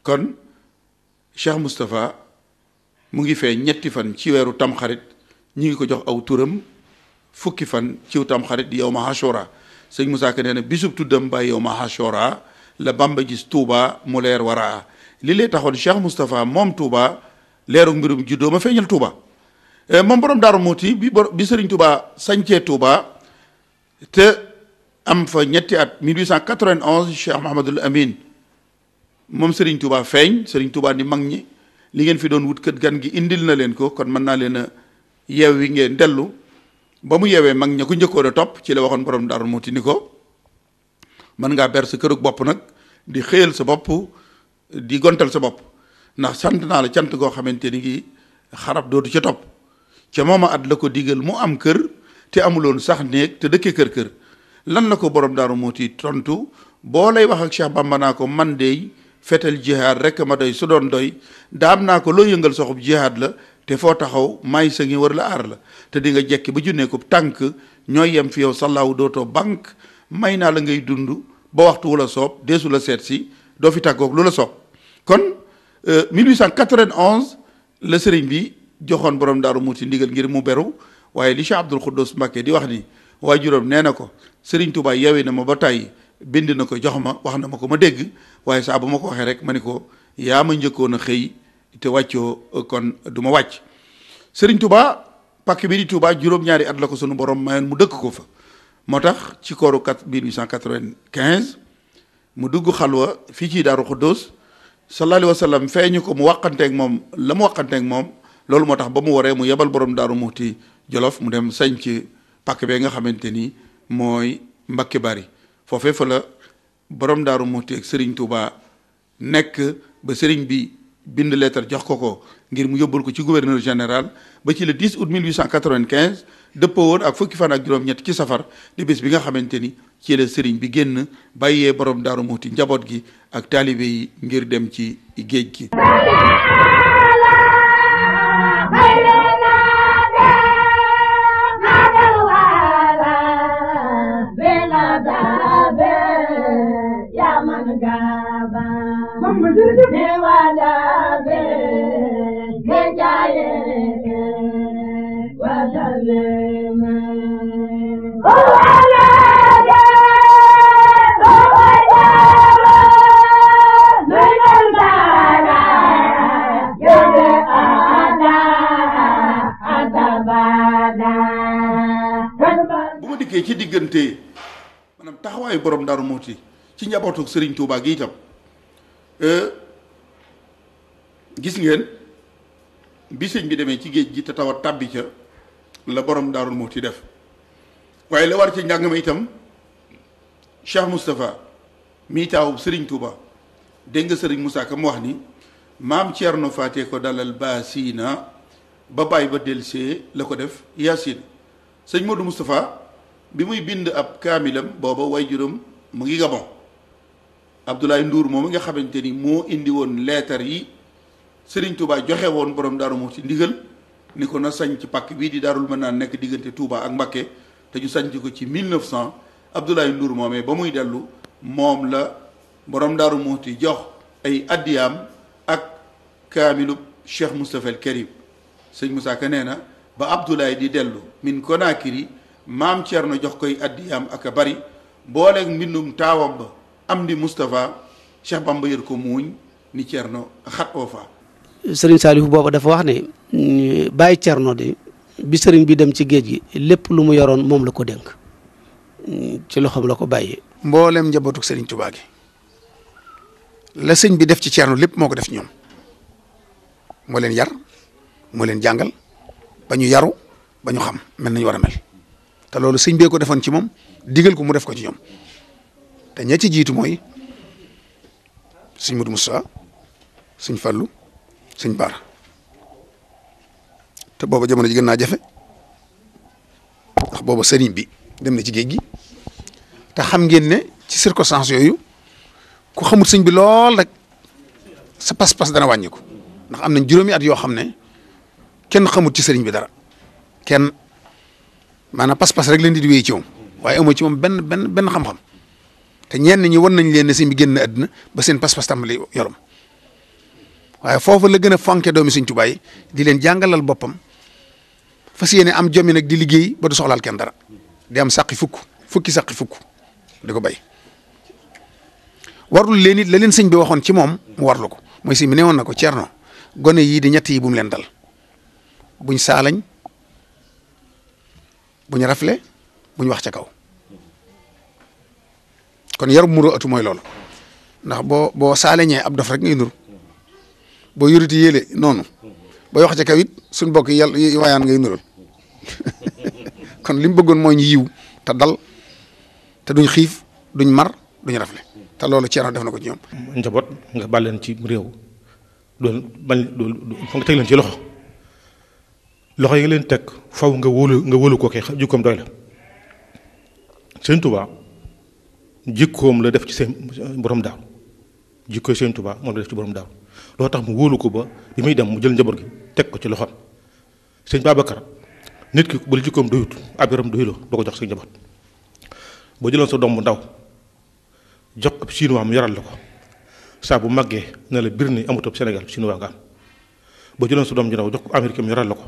kon Cheikh Moustapha mu ngi fee ñetti fan ci weeru tamxarit ñi ngi ko jox aw turam fukki fan ciw tamxarit di yow ma Ashura sëñ Moussa Ka nee na bisub tuddam ba yow ma Ashura la bamba gis tuuba mu leer waraa li lay taxoon Cheikh Moustapha moom Touba leeru mbirum juddoo ma feeñal Touba eh, moom borom daaru Touba te am fa ñetti at 1891 Cheikh Mouhamadul Amin moom Serigne Touba feeñ Serigne Touba ni mag ñi li ngeen fi doon wut kër gan gi indil na leen ko kon mën naa leen a yeew wi ngeen dellu ba mu yeewee mag ña ku njëkkoon a topp ci la waxoon borom Darou Mouti ni ko mën ngaa ber sa kërug bopp nag di xëyal sa bopp di gontal sa bopp ndax sant naa la cant goo xamante ni ngi xarab dootu ca topp ca mooma at la ko digal mu am kër te amuloon sax néeg te dëkkee kër kër. lan la ko borom daaru muuti tontu boo lay wax ak Cheikh Bamba naa ko man dey fetal jihaad rek ma doy su doon doy daa am naa ko loo yëngal soxub jihaad la te foo taxaw may sa ngi war la aar la te di nga jekki ba junnee ko tànk ñoo yem fi yow sallaaw dootoo bank may naa la ngay dund ba waxtu wu la soob deesu la seet si doo fi tàggoog lu la soob kon 1891 euh, la sëriñ bi joxoon borom daaru muuti ndigal ngir mu beru waaye li Cheikh Abdoul Khoudous Mbacké di wax nii waajuram nee na ko Serigne Touba yewe na ma ba tàyyi bind na ko jox ma wax na ma ko ma dégg waaye saa bu ma ko waxee rek ma ni ko yaa ma njëkkoon a xëy te wàccoo kon du ma wàcc Serigne Touba pàkk bi di Touba juróom-ñaari at la ko sunu borom mayoon mu dëkk ko fa moo tax ci kooru 1895 mu dugg xalwa fii ci Daaru Xuddoos sallallahu alayhi wa sallam feeñu ko mu waqanteeg moom la mu waqanteeg moom loolu moo tax ba mu waree mu yebal borom Daaru Muxti Jolof mu dem sañ ci pàkk bee nga xamante ni mooy Mbakke Bari foofee fa la borom daaru Muxti ak Serigne Touba nekk ba Serigne bi bind lettre jox ko ko ngir mu yóbbul ko ci gouverneur général ba ci le 10 août 1895 dëppoo woon ak fukki fan ak juróom-ñett ci safar di bi nga xamante ni ci la Serigne bi génn bàyyee borom daaru Muxti njaboot gi ak taalibe yi ngir dem ci géej gi. ci diggante maanaam taxawaayu borom Darou Mouhty ci njabootu Serigne Touba gi itam euh, gis ngeen bi sëñ bi demee ci géej gi te tawat tàbbi ca la borom Darou Mouhty def waaye la war ci njàng ma itam Cheikh Moustapha mii sëriñ Serigne Touba dégg nga Serigne Moussa mu wax ni maam Thierno Faté ko dalal baasina ba bàyyi ba delsee la ko def Yacine sëñ Modou Moustapha. bi muy bind ab kaamilam booba way juróom mu ngi Gabon Abdoulaye nduur moom nga xamante ni moo indi woon leetar yi sëriñ Touba joxe woon boroom Daaru Muxti ndigal ni ko na sañ ci pàkk bii di Daarul naa nekk diggante Touba ak Mbakke te ñu sañ ko ci 1900 Abdoulaye Ndour moomee ba muy dellu moom la boroom Daaru muuti jox ay addiyaam ak kaamilub Cheikh Moustapha El Karim sëñ Moussa Ka nee na ba Abdoulaye di dellu min Conakry maam Thierno jox koy addiyaam ak a bari booleeg mbindum taawam ba am di Moustapha Cheikh Bamba yër ko muuñ ni Thierno xat oo fa sëriñ Saliou booba dafa wax ne bàyyi Thierno de bi sëriñ bi dem ci géej gi lépp lu mu yoroon moom la ko dénk ci loxoom la ko bàyyi mboolem njabootu sëriñ Touba gi la sëñ bi def ci Thierno lépp moo ko def ñoom moo leen yar moo leen jàngal ba ñu yaru ba ñu xam mel nañu war a mel. te loolu sëñ bee ko defoon ci moom digal ko mu def ko ci ñoom te ña ci jiitu mooy sëñ Modou Moussa sëñ Fallou sëñ Baara te booba jamono ji gën naa jafe ndax sëriñ bi dem na ci géej gi te xam ngeen ne ci circonstance yooyu ko xamut sëñ bi lool rek sa pas-pas dana wàññi ko ndax am nañ juróomi at yoo xam ne kenn xamut ci sëriñ bi dara kenn. maanaam pas-pas rek leen di wéy ci moom waaye amoo ci moom benn benn benn xam-xam te ñenn ñi wan nañ leen ne sëñ bi génn àdduna ba seen pas-pas tàmbali yorom waaye foofu la gën a fonke doomi sëñ Tuubaa yi di leen jàngalal boppam fas yéene am jommi nag di liggéey ba du soxlaal kenn dara di am sàqi fukk fukki sàqi fukk di ko bay warul leen it la leen sëñ bi waxoon ci moom mu warlu ko mooy sëñ bi newoon na ko Ceerno gone yii di ñett yi bum mu leen dal buñ saalañ bu ñu rafle bu ñu wax ca kaw kon yarub muro atu mooy loolu ndax boo boo ñee ab dof rek ngay nur boo yuriti yéele noonu booy wax ca kaw suñ bokk yàlla yi waayaan ngay nural kon li bëggoon mooy ñu yiw te dal te duñ xiif duñ mar duñ rafle te loolu Ceerno def na ko ci ñoom. njaboot nga bàlleen ci réew loolu bal loolu nga teg ci loxo. loxo yi leen teg faw nga wóolu nga wóolu ko kay jikkoom doy la sëñ Tuubaa jikkoom la def ci seen borom daaru jikkoy sëñ Tuubaa moom la def ci borom daaru loo tax mu wóolu ko ba bi muy dem mu jël njaboot gi teg ko ci loxoom sëñ Babacar nit ki ba la jikkoom doyut ab yaram doyuloo doo ko jox sa njaboot boo jëloon sa doom bu ndaw jox ab chinois mu yaral la ko saa bu màggee ne la bir ni amut ab Sénégal chinois nga am boo jëloon sa doom ju ndaw jox yaral la ko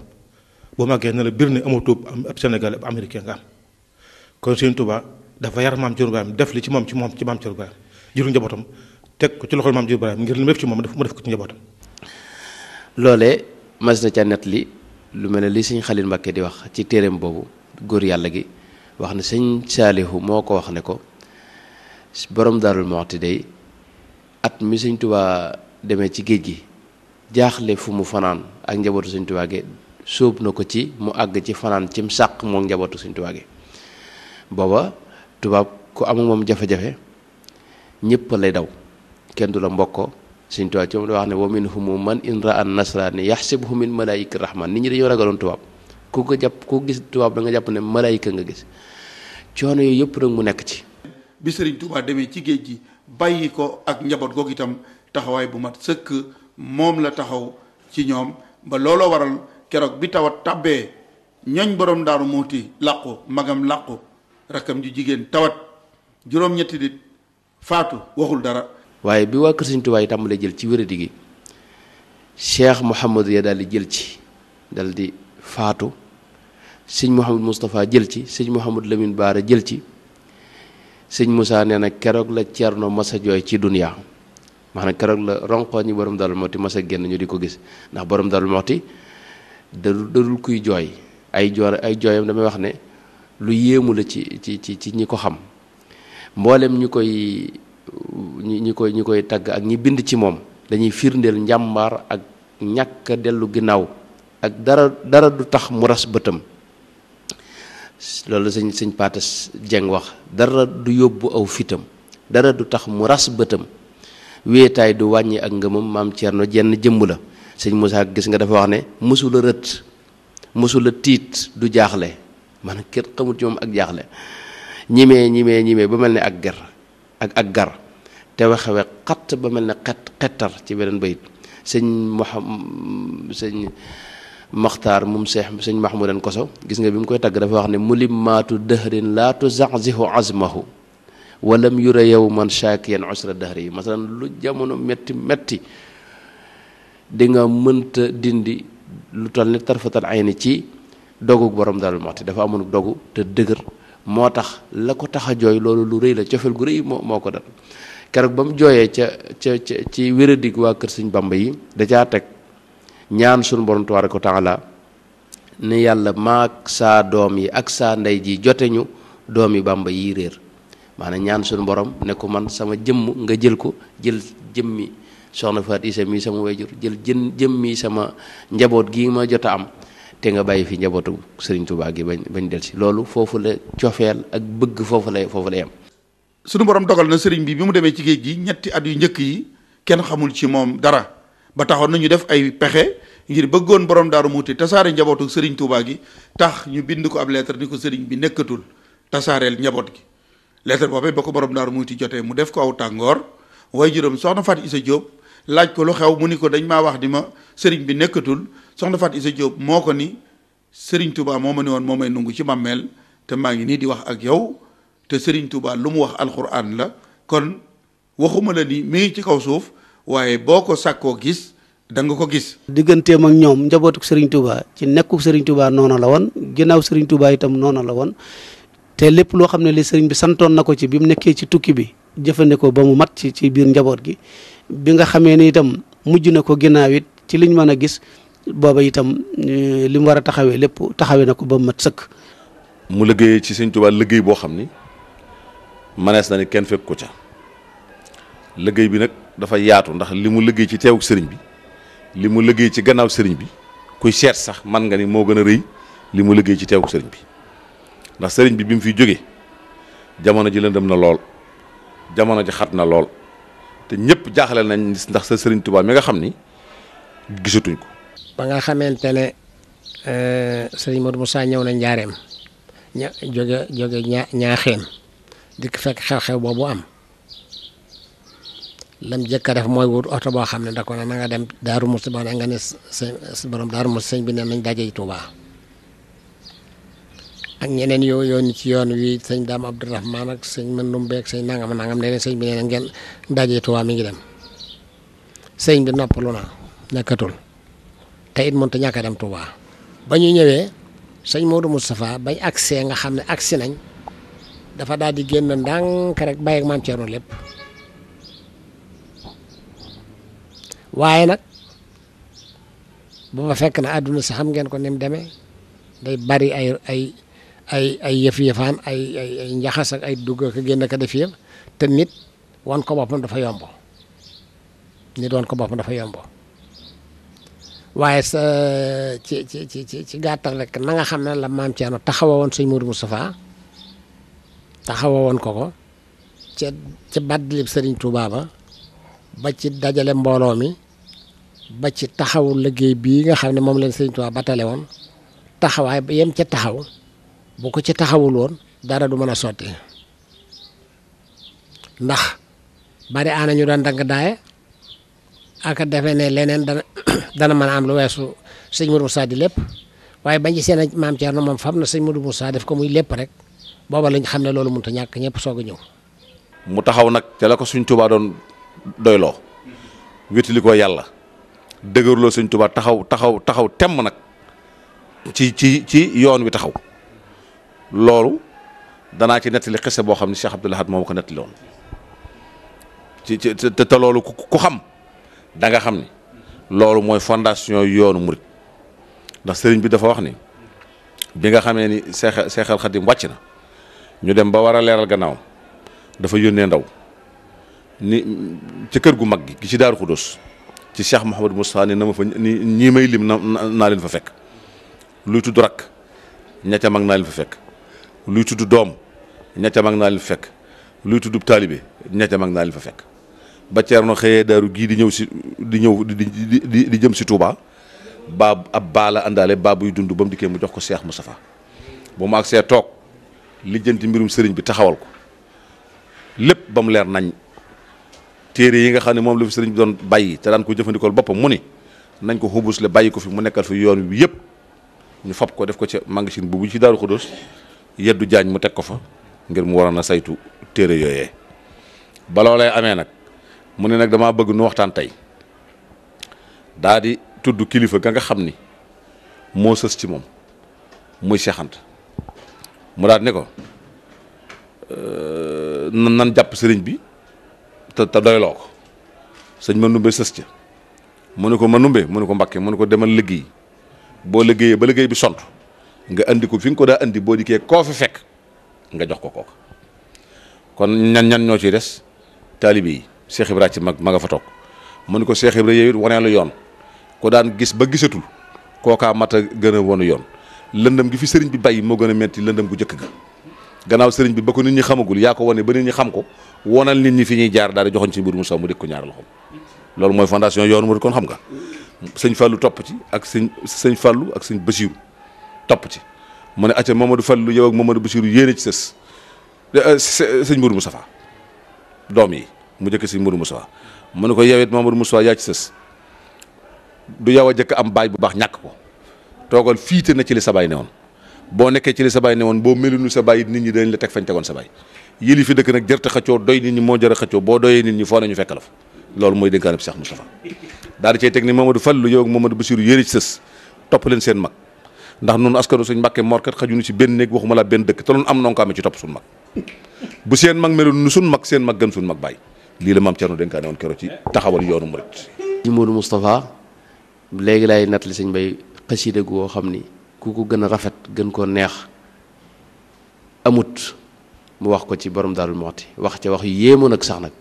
boo maggee ne la biir ne amatu ab Sénégal ab américain nga am kon Sëriñ Tuubaa dafa yar maam Cerno Ibrahima def li ci moom ci moom ci maam Cerno Ibrahima juru njabootam teg ko ci loxol maam Cerno Ibrahima ngir lu mu ci moom mu def ko ci njabootam. loolee mas na ca net li lu mel ne li sëñ Xalil Mbàkke di wax ci téereem boobu góor yàlla gi wax ne sëñ Saalihu moo ko wax ne ko borom Daarul Muxti day at mi Sëriñ Tuubaa demee ci géej gi jaaxle fu mu fanaan ak njabootu Sëriñ Tuubaa gi sóob na ko ci mu àgg ci fanaan cim sàq moom njabootu Sëñ Tuubaa booba tubaab ku amul moom jafe-jafe ñëpp lay daw kenn du la mbokko Sëñ Tuubaa ci moom wax ne wa minhum man in ra'a nasraani yaxsibuhu min malaayika rahmaan nit ñi dañoo ragaloon tubaab ku ko jàpp ku gis tubaab da nga jàpp ne malaayika nga gis coono yooyu yëpp nag mu nekk ci bi Sëriñ Tuubaa ci géej gi bàyyi ko ak njaboot googu itam taxawaay bu mat sëkk moom la taxaw ci ñoom ba looloo waral keroog bi tawat tàbbee ñooñ borom daaru muuti làqu magam làqu rakkam ju jigéen tawat juróom-ñetti nit faatu waxul dara waaye bi waa kër Sëriñ Tuubaa yi tàmbalee jël ci wéradi gi Cheikh Mouhamadou daal di jël ci dal di faatu siñ Mouhamad Moustapha jël ci sëñ Mouhamad Lamine Baara jël ci sëñ Moussa nee na keroog la Ceerno masa jooy ci duniyaa maanaam keroog la ronqoo ñi borom Daaru Muxti masa génn ñu di ko gis ndax boroom Daaru Muxti dadul dadul kuy jooy ay joor ay jooyam damay wax ne lu yéemu la ci ci ci ci ñi ko xam mbooleem ñu koy ñi ñi koy ñi koy tagg ak ñi bind ci moom dañuy firndeel njàmbar ak ñàkk dellu ginnaaw ak dara dara du tax mu ras bëtam loolu sëñ sëñ Paate Jeng wax dara du yóbbu aw fitam dara du tax mu ras bëtam wéetaay du wàññi ak ngëmam maam Cerno jenn jëmm la sëñ Moussa gis nga dafa wax ne mësula rët mësula tiit du jaaxle maanaam kenn xamul ci ak jaaxle ñimee ñimee ñimee ba mel ne ak gar ak ak gar te waxewe xatt ba mel ne xet xettar ci beneen bayit sëñ Mouham sëñ Maxtaar moom seex sëñ Mahmoudan Koso gis nga bi mu koy tagg dafa wax ne mulimmaatu dëhrin laa tuzaxzihu azmahu walam yura yow man shaakiyan usra dëhri yi masalan lu jamono metti metti di nga mënta dindi lu toll ni tarfatal ay ni ci dogu borom moo Muxti dafa amoon dogu te dëgër moo tax la ko tax a jooy loolu lu rëy la cofeel gu rëy moo moo ko dal keroog ba mu jooyee ca ca ca ci wéradig waa kër Sëñ Bamba yi da teg ñaan sunu borom tabaaraka ko taala ne yàlla maak saa doom yi ak saa ndey ji jote ñu doom yi bàmba yi réer maanaam ñaan sunu borom ne ko man sama jëmm nga jël ko jël jëmmi soxna faat isa mii sama wayjur jël jën jëm mii sama njaboot gii ma jot a am te nga bàyyi fi njabootu sëriñ Tuubaa gi bañ bañ del si loolu foofu la cofeel ak bëgg foofu la foofu la yem suñu borom dogal na sëriñ bi bi mu demee ci géej gi ñetti at yu njëkk yi kenn xamul ci moom dara ba taxoon nañu def ay pexe ngir bëggoon borom daaru muuti tasaare njabootu sëriñ Tuubaa gi tax ñu bind ko ab lettre ni ko sëriñ bi nekkatul tasaareel njaboot gi lettre boobee ba ko borom daaru muuti jotee mu def ko tàngoor waaye juróom soxna Faat Isa Jóob laaj ko lu xew mu ni ko dañ maa wax di ma sëriñ bi nekkatul soxna Faat Isa Jóob moo ko ni sëriñ Touba moo ma ne woon moo may nungu ci màmmeel te maa ngi nii di wax ak yow te sëriñ Touba lu mu wax alxuraan la kon waxuma la ni mi ngi ci kaw suuf waaye boo ko sàkkoo gis da nga ko gis. digganteem ak ñoom njabootuk sëriñ Touba ci nekkuk Serigne Touba noona la woon ginnaaw Serigne Touba itam noona la woon te lépp loo xam ne li sëriñ bi santoon na ko ci bi mu nekkee ci tukki bi jëfandikoo ba mu mat ci ci biir njaboot gi. bi nga xamee ni itam mujj na ko ginnaaw it ci liñ mën a gis booba itam eh, li mu war a taxawee lépp taxawee na ko ba mu mat sëkk. mu liggéey ci Sëñ Tuubaa liggéey boo xam ni manees na ni kenn fekk ko ca liggéey bi nag dafa yaatu ndax li mu liggéey ci teewuk sëriñ bi li mu liggéey ci gannaaw sëriñ bi kuy seet sax man nga ni moo gën a rëy li mu liggéey ci teewuk sëriñ bi ndax sëriñ bi bi mu fiy jógee jamono ji lëndëm na lool jamono ji xat na lool. te ñëpp jaaxle nañ ndax sa sëriñ Tuubaa mi nga xam ni gisatuñ ko. ba nga xamante ne euh, sëriñ Modou saa ñëw na njaareem ña jóge jóge ña ñaaxeem dikk fekk xew-xew boobu am lam jëkk a def mooy wut oto boo xam ne da ko ne na nga dem Daaru Musti ba nga ne sa borom Daaru Musti sëñ bi ne nañ daje Tuubaa. ak ñeneen yoo yoon ci yoon wi sëñ Daam Abdourahman ak sëñ Mandoum beeg sëñ nangam nangam nee na sëñ bi nee na ngeen daje Tuubaa mi ngi dem sëñ bi noppalu na nekkatul te it mënut a ñàkk a dem Tuubaa ba ñu ñëwee sëñ Modou Moustapha bañ agsee nga xam ne agsi nañ dafa daal di génn ndànk rek bàyyi ak maam Thierno lépp waaye nag booba fekk na àdduna si xam ngeen ko ni mu day bari ay ay ay yëf yëfaan ay ay ay njaxas ak ay dugg ak génn ak def yëf te nit wan ko boppam dafa yombo nit wan ko boppam dafa yombo waaye sa ci ci ci ci gàttal rek na nga xam ne la maam Thierno taxawa woon sëñ Modou Moustapha taxawa woon ko ko ca ca baddalib sëriñ Touba ba ba ci dajale mbooloo mi ba ci taxawu liggéey bii nga xam ne moom leen sëriñ Touba ba tale woon taxawaay yem ca taxaw bu ko ci taxawul woon dara du mën a sotti ndax bari aana ñu daan dang daaye aka defee ne leneen dana dana mën a am lu weesu sëñ Modou Moussa di lépp waaye bañ ci seen maam na moom fam na sëñ Modou Moussa def ko muy lépp rek booba lañ xam ne loolu mënut a ñàkk ñëpp soog a ñëw. mu taxaw nag te la ko suñ tubaa doon doyloo wétali ko yàlla dëgërloo suñ tubaa taxaw taxaw taxaw temm nag ci ci ci yoon wi taxaw. loolu danaa ci nettali xese boo xam ne Cheikh Abdoul Ahad moom ko nettali woon ci ci te te loolu ku xam danga xam ni loolu mooy fondation yoonu murit ndax sëriñ bi dafa wax ni bi nga xamee ni seex seexal xadim wàcc na ñu dem ba war a leeral gannaaw dafa yónnee ndaw ni ci kër gu mag gi gi ci Daaru Xudóos ci Cheikh Mouhamadou Moustapha ni na ma fa ni ñii may lim na naa leen fa fekk luy tudd rakk ña ca mag naa leen fa fekk luy tudd doom ñette mag naa leen fa fekk luy tudd taalibe ñette mag naa leen fa fekk ba Ceerno xëyee daaru gii di ñëw si di ñëw di di jëm si Touba baab ab baala àndaale baa buy dund ba mu dikkee mu jox ko Seex Mustafaa bu mu agsee toog lijjanti mbirum sëriñ bi taxawal ko lépp ba mu leer nañ téere yi nga xam ne moom la fi sëriñ bi doon bàyyi te daan ko jëfandikool boppam mu ni nañ ko xubus le bàyyi ko fi mu nekkal fi yoon wi yëpp ñu fab ko def ko ca magasin bu bu ci daaru Xudóos yeddu jaañ mu teg ko fa ngir mu waroon a saytu téere yooyee ba loolee amee nag mu ne nag damaa bëgg nu waxtaan tey daa di tudd kilifa ga nga xam ni moo sës ci moom muy Cheikh mu daal ne ko euh, nan nan jàpp sëriñ bi te te doyloo ko sëñ ma numbe sës ca mu ne ko ma numbe mu ne ko mbakke mu ne ko demal liggéey boo liggéeyee ba liggéey bi sont nga indi ko fi nga ko daa indi boo dikkee koo fi fekk nga jox ko kooku kon ñan ñan ñoo ciy des taalibe yi Cheikh Ibra ci mag ma nga fa toog mu ni ko Cheikh Ibra yow it wanee la yoon ko daan gis ba gisatul kookaa mat a gën a wonu yoon lëndëm gi fi sëriñ bi bay moo gën a metti lëndëm gu jëkk ga gannaaw sëriñ bi ba ko nit ñi xamagul yaa ko wane ba nit ñi xam ko wonal nit ñi fi ñuy jaar daal di joxoñ ci mbir mu saw mu dégg ko ñaar loxoom loolu mooy fondation yoonu mu kon xam nga sëñ Fallou topp ci ak sëñ sëñ Fallou ak sëñ Basiru topp ci mu ne acca Mamadou Fallou yow ak Mamadou Bassirou yéene ci sës eh, eh, sëñ Mourou Moustapha doom yi mu jëkk sëñ Mourou Moustapha mu ne ko yow it Mamadou Moustapha yaa ci sës du yow a jëkk am baay bu baax ñàkk ko toogal fiite na ci li sa baay ne woon boo nekkee ci li woon boo sa baay nit ñi dañ teg fañ tegoon sa baay fi dëkk nag jërta xëccoo doy nit moo jër a xëccoo boo doyee nit ñi foo nañu fekk la fa loolu mooy dénkaanam Cheikh Moustapha daal di cay teg ni Mamadou Fallou yow ak Mamadou Bassirou yéene ci sës topp leen seen mag ndax noonu askanu suñ mbàkke morkat xajunu ci benn néeg waxuma la benn dëkk te loolu am noo ko amee ci topp suñ mag bu seen mag meloon nu suñ mag seen mag gën suñ mag bàyyi lii la maam Cerno dénkaane woon kero ci taxawal yoonu murit ji Moodu Moustapha léegi lay nettali sëñ bay xasiida goo xam ni ku ko gën a rafet gën koo neex amut mu wax ko ci borom Daaru Muxti wax ca wax yu yéemoon ak sax nag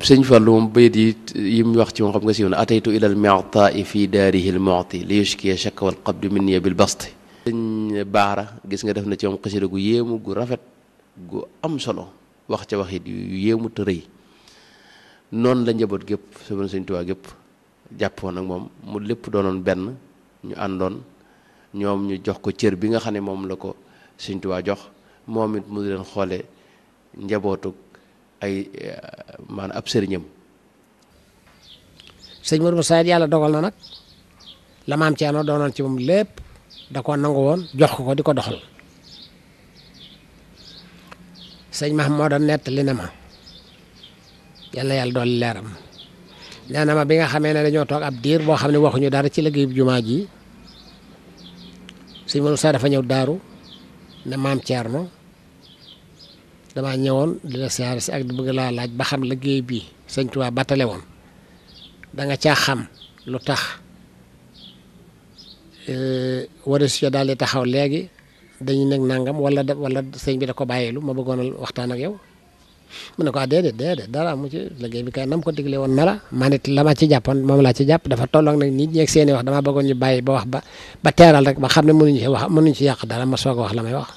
sëñ Fallu moom bayit yi yi mu wax ci moom xam nga siiw na ataytu ilal mi'taa fi daarihi al mu'ti li yushkiya shakwa al qabdi minni bil basti sëñ baara gis nga def na ci moom xasida gu yéemu gu rafet gu am solo wax ca waxit yu yéemu te rëy la njaboot gépp sëñ sëñ Tuubaa gépp jàppoon ak moom mu lépp doonoon benn ñu àndoon ñoom ñu jox ko cër bi nga xam ne moom la ko sëñ Tuubaa jox moom it mu leen xoole njabootuk ay maanaam ab sëriñam sëñ Mor Moussa yàlla dogal na nag la maam Thierno doonoon ci moom lépp da ko nangu woon jox ko ko di ko doxal moo Mahmouda nettali na ma yàlla yàlla dolli leeram nee na ma bi nga xamee ne dañoo toog ab diir boo xam ne waxuñu dara ci liggéey jumaa ji sëñ Manoune Sarr dafa ñëw daaru ne maam Thierno dama ñëwoon di la siyaare si ak di bugg laa laaj ba xam liggéey bi sëñ Tuubaa battale woon da nga caa xam lu tax. Eh, waris ya daal di taxaw léegi dañuy nekk nangam wala de wala sëñ bi da ko lu ma bëggoon waxtaan ak yow mu ne ko ah déedéet déedéet dara mu ci liggéey bi kay nam ko digle woon nara man it la ma ci jàppoon moom la ci jàpp dafa tolloog nag nit ñi seen wax damaa bëggoon ñu bàyyi ba wax ba ba teeral rek ba xam ne mënuñu ci wax mënuñu ci yàq dara ma soog a wax la may wax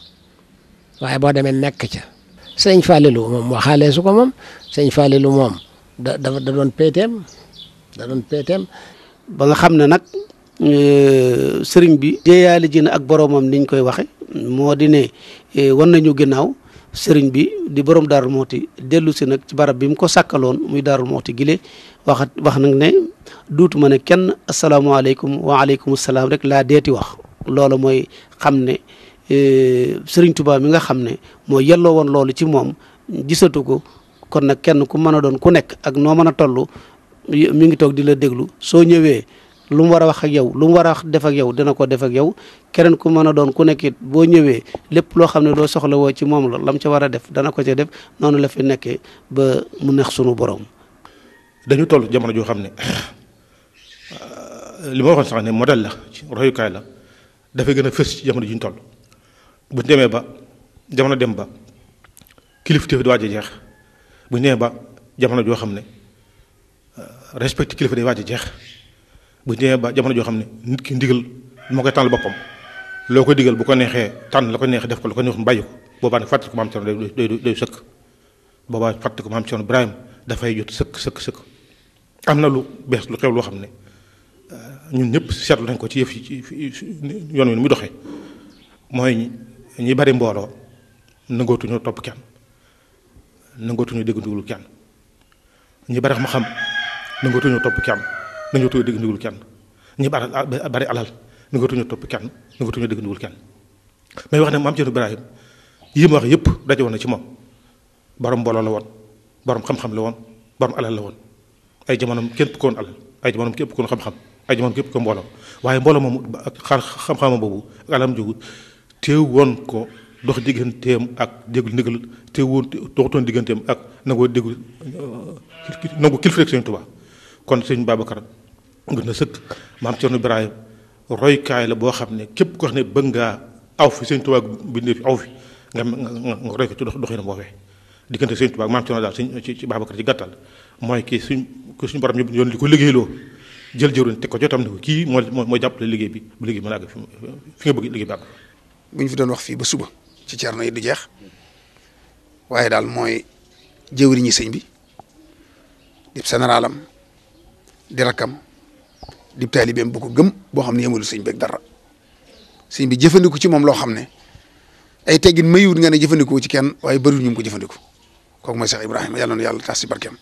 waaye boo demee nekk ca sëñ Fallilou moom waxaalee su ko moom sëñ Fallilou moom da da doon péeteem da doon péeteem Euh, sëriñ bi jéeyaali ji na ak boroomam niñ koy waxe moo di ne euh, wan nañu ginnaaw sëriñ bi di borom daarul mooti dellu si nag ci barab bi mu ko sàkkaloon muy daarul mooti gile waxat wax nag ne duutuma ne kenn asalaamaaleykum wa aleykum salaam rek laa dee deeti wax loola mooy xam ne euh, sëriñ Tuubaa mi nga xam ne moo yelloo woon loolu ci moom gisatu ko kon nag kenn ku mën a doon ku nekk ak noo mën a toll mi ngi toog di la déglu soo ñëwee lu mu war a wax ak yow lu mu war a def ak yow dina ko def ak yow keneen ku mën a doon ku nekkit boo ñëwee lépp loo xam ne loo soxla woo ci moom la lam ca war a def dana ko ca def noonu la fi nekkee ba mu neex sunu borom. dañu toll jamono joo xam ne li ma waxoon sax ne la dafay gën a fës ci jamono ji ñu bu demee ba jamono dem ba kilifteef di jeex bu ñu ba jamono joo xam ne respecté kilifa day waaj jeex. bu demee ba jamono joo xam ne nit ki ndigal moo koy tànnal boppam loo koy digal bu ko neexee tànn la ko neexee def ko la ko neexul bàyyi ko boobaa nag fàttali ko maam Cerno day day boobaa fàttali ko maam Cerno Ibrahima dafay jot sëkk sëkk sëkk am na lu bees lu xew loo xam ne euh, ñun ñëpp seetlu nañ ko ci yëf yi yoon wi nu muy doxee mooy ñi bari mbooloo nangootuñu topp kenn nangootuñu dégg ndigalu kenn ñi bari xam-xam nangootuñu topp kenn dañoo tuñu dégg ndigul kenn ñi bari bari alal nu nga tuñu topp kenn nu nga tuñu dégg ndigul kenn may wax ne maam Cerno Ibrahim yi ma wax yëpp daje woon na ci moom borom mbooloo la woon borom xam-xam la woon borom alal la woon ay jamonoom képp koon alal ay jamonoom képp koon xam-xam ay jamonoom képp ko mbooloo waaye mbooloo moom ak xaar xam-xamam boobu ak alalam jógu teew woon ko dox digganteem ak déglu ndigal teew woon doxutoon digganteem ak nangoo déglu euh, nangu kilifteef kon sëñ Babacar nga na sëkk maam Cerno Ibrahima roykaay la boo xam ne képp ko xam ne bëgg ngaa aw fi sëñ Tuubaa bindee fi aw fi nga nga roy ko ci doxinam woowee diggante sëñ Tuubaa maam Cerno daal sëñ ci Babacar ci gàttal mooy kii suñ ki suñu borom yëpp di ko liggéeyloo jël jëruñ teg ko jotam ne ko moo moo jàppale liggéey bi bu liggéey mën a àgg fi nga bëgg liggéey bu ñu fi doon wax fii ba suba ci Cerno yi du jeex waaye daal mooy jëwriñu sëñ bi di généralam di rakkam di taalibeem bu ko gëm boo xam ne yemul sëñ beeg dara sëñ bi jëfandiku ci moom loo xam ne ay tegin mayut nga ne jëfandikoo ci kenn waaye bëriwul ñu ko jëfandiku kooku mooy Cheikh Ibrahima yàlla na yàlla tas si barkeem.